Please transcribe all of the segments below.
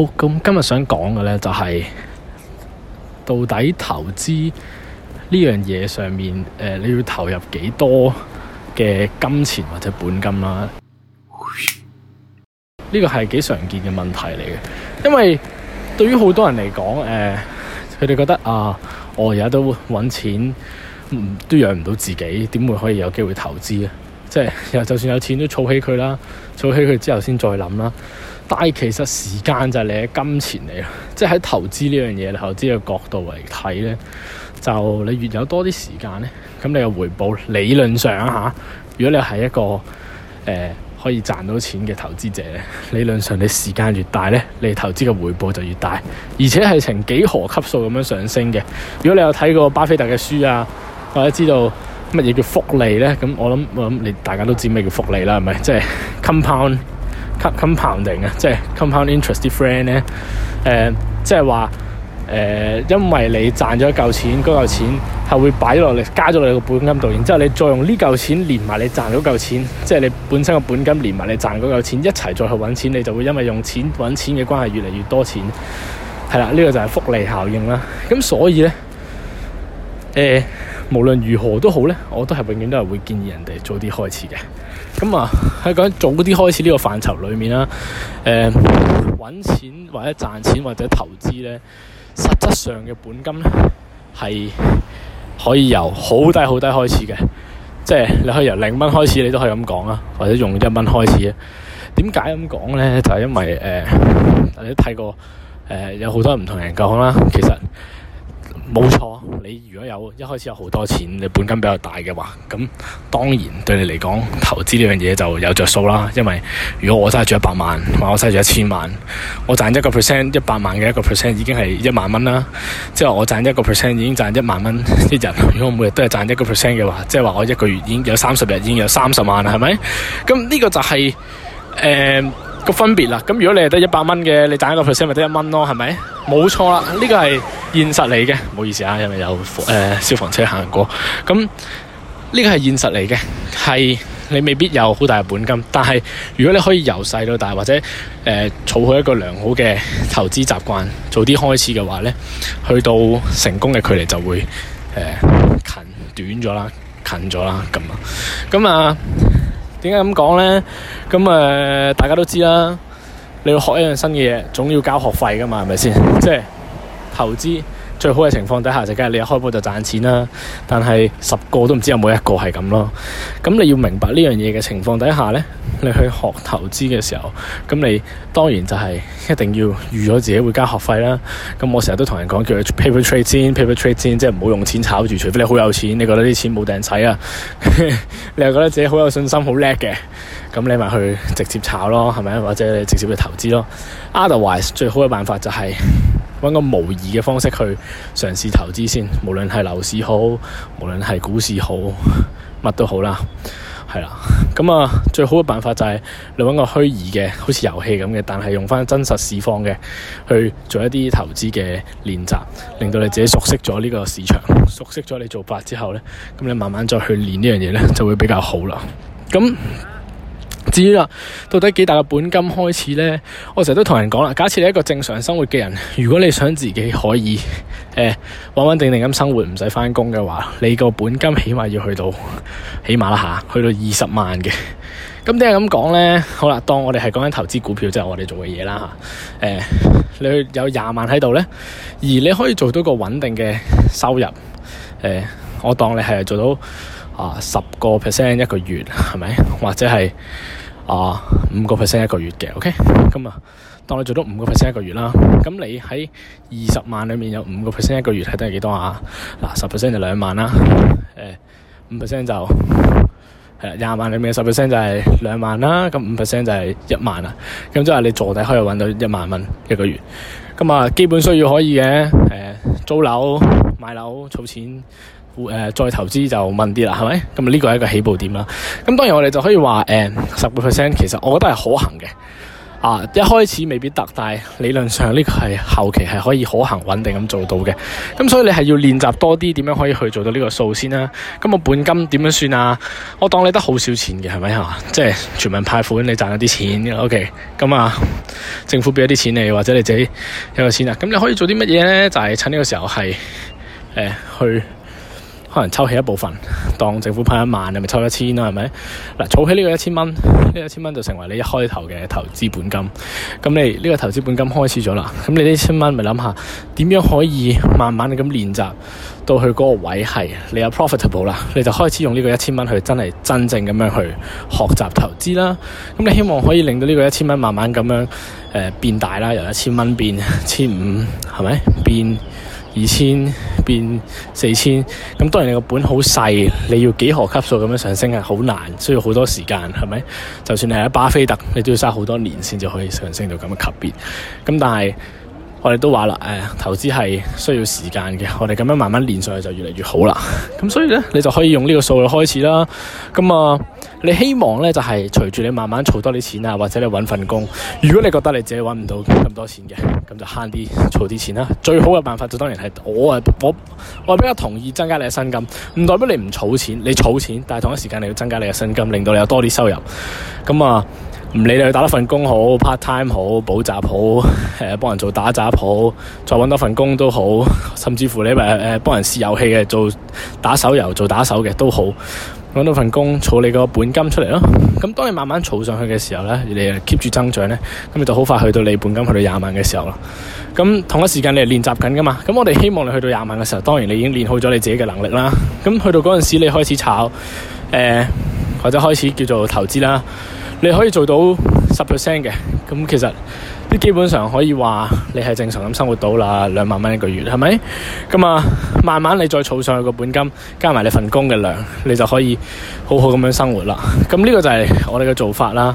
好，咁今日想講嘅呢，就係到底投資呢樣嘢上面，誒，你要投入幾多嘅金錢或者本金啦？呢個係幾常見嘅問題嚟嘅，因為對於好多人嚟講，誒，佢哋覺得啊，我而家都搵錢，都養唔到自己，點會可以有機會投資咧？即係就算有錢都儲起佢啦，儲起佢之後先再諗啦。但係其實時間就係你嘅金錢嚟啊，即係喺投資呢樣嘢投資嘅角度嚟睇咧，就你越有多啲時間咧，咁你嘅回報理論上啊，如果你係一個誒、呃、可以賺到錢嘅投資者咧，理論上你時間越大咧，你投資嘅回報就越大，而且係呈幾何級數咁樣上升嘅。如果你有睇過巴菲特嘅書啊，或者知道乜嘢叫複利咧，咁我諗我諗你大家都知咩叫複利啦，係咪？即係 compound。compounding 啊，即係 Comp compound interest，啲 friend 咧、呃，誒、就是，即係話誒，因為你賺咗一嚿錢，嗰嚿錢係會擺落嚟，加咗你個本金度，然之後你再用呢嚿錢連埋你賺嗰嚿錢，即、就、係、是、你本身嘅本金連埋你賺嗰嚿錢一齊再去揾錢，你就會因為用錢揾錢嘅關係越嚟越多錢，係啦，呢、這個就係福利效應啦。咁所以咧，誒、呃，無論如何都好咧，我都係永遠都係會建議人哋早啲開始嘅。咁啊，喺講、嗯、早啲開始呢個範疇裏面啦，誒、呃、揾錢或者賺錢或者投資咧，實質上嘅本金咧係可以由好低好低開始嘅，即係你可以由零蚊開始，你都可以咁講啊，或者用一蚊開始啊。點解咁講咧？就係、是、因為誒、呃，你睇過誒、呃、有好多唔同人講啦，其實。冇錯，你如果有一開始有好多錢，你本金比較大嘅話，咁當然對你嚟講，投資呢樣嘢就有着數啦。因為如果我揸住一百萬，或我揸住一千萬，我賺一個 percent 一百萬嘅一個 percent 已經係一萬蚊啦。即係我賺一個 percent 已經賺一萬蚊一日。如果我每日都係賺一個 percent 嘅話，即係話我一個月已經有三十日已經有三十萬啦，係咪？咁呢個就係、是、誒。呃個分別啦，咁如果你係得一百蚊嘅，你賺一個 percent 咪得一蚊咯，係咪？冇錯啦，呢個係現實嚟嘅。唔好意思啊，因為有誒、呃、消防車行過，咁呢個係現實嚟嘅，係你未必有好大嘅本金，但係如果你可以由細到大，或者誒儲好一個良好嘅投資習慣，早啲開始嘅話呢，去到成功嘅距離就會誒近短咗啦，近咗啦，咁、嗯、啊，咁啊。點解咁講咧？咁，呃，大家都知啦，你要學一樣新嘅嘢，總要交學費㗎嘛，係咪先？ 即係投資。最好嘅情況底下就梗係你一開波就賺錢啦，但係十個都唔知有冇一個係咁咯。咁你要明白呢樣嘢嘅情況底下呢，你去學投資嘅時候，咁你當然就係一定要預咗自己會交學費啦。咁我成日都同人講叫佢 paper trade 先，paper trade 先，即係唔好用錢炒住，除非你好有錢，你覺得啲錢冇埞使啊， 你又覺得自己好有信心好叻嘅，咁你咪去直接炒咯，係咪？或者你直接去投資咯。Otherwise 最好嘅辦法就係、是。揾個模擬嘅方式去嘗試投資先，無論係樓市好，無論係股市好，乜都好啦，係啦。咁啊，最好嘅辦法就係你揾個虛擬嘅，好似遊戲咁嘅，但係用翻真實市況嘅去做一啲投資嘅練習，令到你自己熟悉咗呢個市場，熟悉咗你做法之後咧，咁你慢慢再去練呢樣嘢咧，就會比較好啦。咁。至於啦，到底幾大嘅本金開始呢？我成日都同人講啦，假設你一個正常生活嘅人，如果你想自己可以誒穩、呃、穩定定咁生活，唔使返工嘅話，你個本金起碼要去到起碼啦嚇、啊，去到二十萬嘅。咁點解咁講呢？好啦，當我哋係講緊投資股票即係、就是、我哋做嘅嘢啦嚇。誒、呃，你有廿萬喺度呢，而你可以做到個穩定嘅收入，誒、呃，我當你係做到。啊，十個 percent 一個月係咪？或者係啊，五個 percent 一個月嘅，OK？咁、嗯、啊，當你做到五個 percent 一個月啦，咁你喺二十萬裏面有五個 percent 一個月係得幾多啊？嗱、啊，十 percent 就兩、是、萬啦、啊，誒、嗯，五 percent 就係廿、嗯、萬裏面嘅十 percent 就係、是、兩萬啦、啊，咁五 percent 就係、是、一萬啦、啊。咁、嗯、即係你坐底可以揾到一萬蚊一個月，咁、嗯、啊，基本需要可以嘅，誒、嗯，租樓、買樓、儲錢。誒再投資就問啲啦，係咪咁？呢個係一個起步點啦。咁當然我哋就可以話誒十個 percent，其實我覺得係可行嘅啊。一開始未必特大，理論上呢個係後期係可以可行穩定咁做到嘅。咁所以你係要練習多啲點樣可以去做到呢個數先啦、啊。咁我本金點樣算啊？我當你得好少錢嘅，係咪啊？即係全民派款，你賺咗啲錢，OK。咁、okay. 啊，政府畀咗啲錢你，或者你自己有錢啊。咁你可以做啲乜嘢咧？就係、是、趁呢個時候係誒、欸、去。可能抽起一部分，當政府派一萬，你咪抽一千啦，係咪？嗱，儲起呢個一千蚊，呢個一千蚊就成為你一開頭嘅投資本金。咁你呢個投資本金開始咗啦，咁你呢千蚊咪諗下點樣可以慢慢咁練習到去嗰個位係你有 profitable 啦，你就開始用呢個一千蚊去真係真正咁樣去學習投資啦。咁你希望可以令到呢個一千蚊慢慢咁樣誒變大啦，由一千蚊變千五，係咪變？二千變四千，咁當然你個本好細，你要幾何級數咁樣上升係好難，需要好多時間，係咪？就算你係巴菲特，你都要嘥好多年先就可以上升到咁嘅級別。咁但係，我哋都話啦，誒、哎，投資係需要時間嘅，我哋咁樣慢慢練上去就越嚟越好啦。咁所以咧，你就可以用呢個數嚟開始啦。咁啊，你希望咧就係、是、隨住你慢慢儲多啲錢啊，或者你搵份工。如果你覺得你自己搵唔到咁多錢嘅，咁就慳啲儲啲錢啦。最好嘅辦法就當然係我啊，我我，我比較同意增加你嘅薪金，唔代表你唔儲錢，你儲錢，但係同一時間你要增加你嘅薪金，令到你有多啲收入。咁啊。唔理你打多份工好，part time 好，補習好，誒、呃，幫人做打雜好，再搵多份工都好，甚至乎你咪誒幫人試遊戲嘅，做打手遊，做打手嘅都好，搵到份工，儲你個本金出嚟咯。咁當你慢慢儲上去嘅時候咧，你誒 keep 住增長咧，咁你就好快去到你本金去到廿萬嘅時候咯。咁同一時間你係練習緊噶嘛？咁我哋希望你去到廿萬嘅時候，當然你已經練好咗你自己嘅能力啦。咁去到嗰陣時，你開始炒誒、呃、或者開始叫做投資啦。你可以做到十 percent 嘅，咁其實都基本上可以話你係正常咁生活到啦，兩萬蚊一個月係咪？咁啊，慢慢你再儲上去個本金，加埋你份工嘅糧，你就可以好好咁樣生活啦。咁呢個就係我哋嘅做法啦。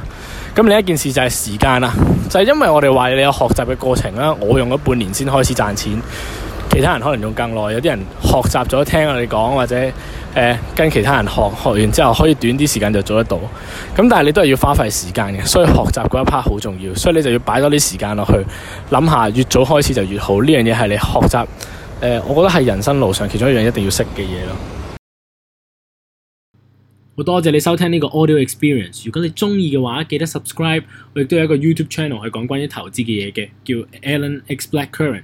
咁另一件事就係時間啦，就係因為我哋話你有學習嘅過程啦，我用咗半年先開始賺錢。其他人可能仲更耐，有啲人學習咗聽我哋講，或者誒、呃、跟其他人學學完之後，可以短啲時間就做得到。咁但係你都係要花費時間嘅，所以學習嗰一 part 好重要，所以你就要擺多啲時間落去諗下，越早開始就越好。呢樣嘢係你學習誒、呃，我覺得係人生路上其中一樣一定要識嘅嘢咯。好多謝你收聽呢個 Audio Experience。如果你中意嘅話，記得 Subscribe。我亦都有一個 YouTube Channel 去講關於投資嘅嘢嘅，叫 Alan X Black Current。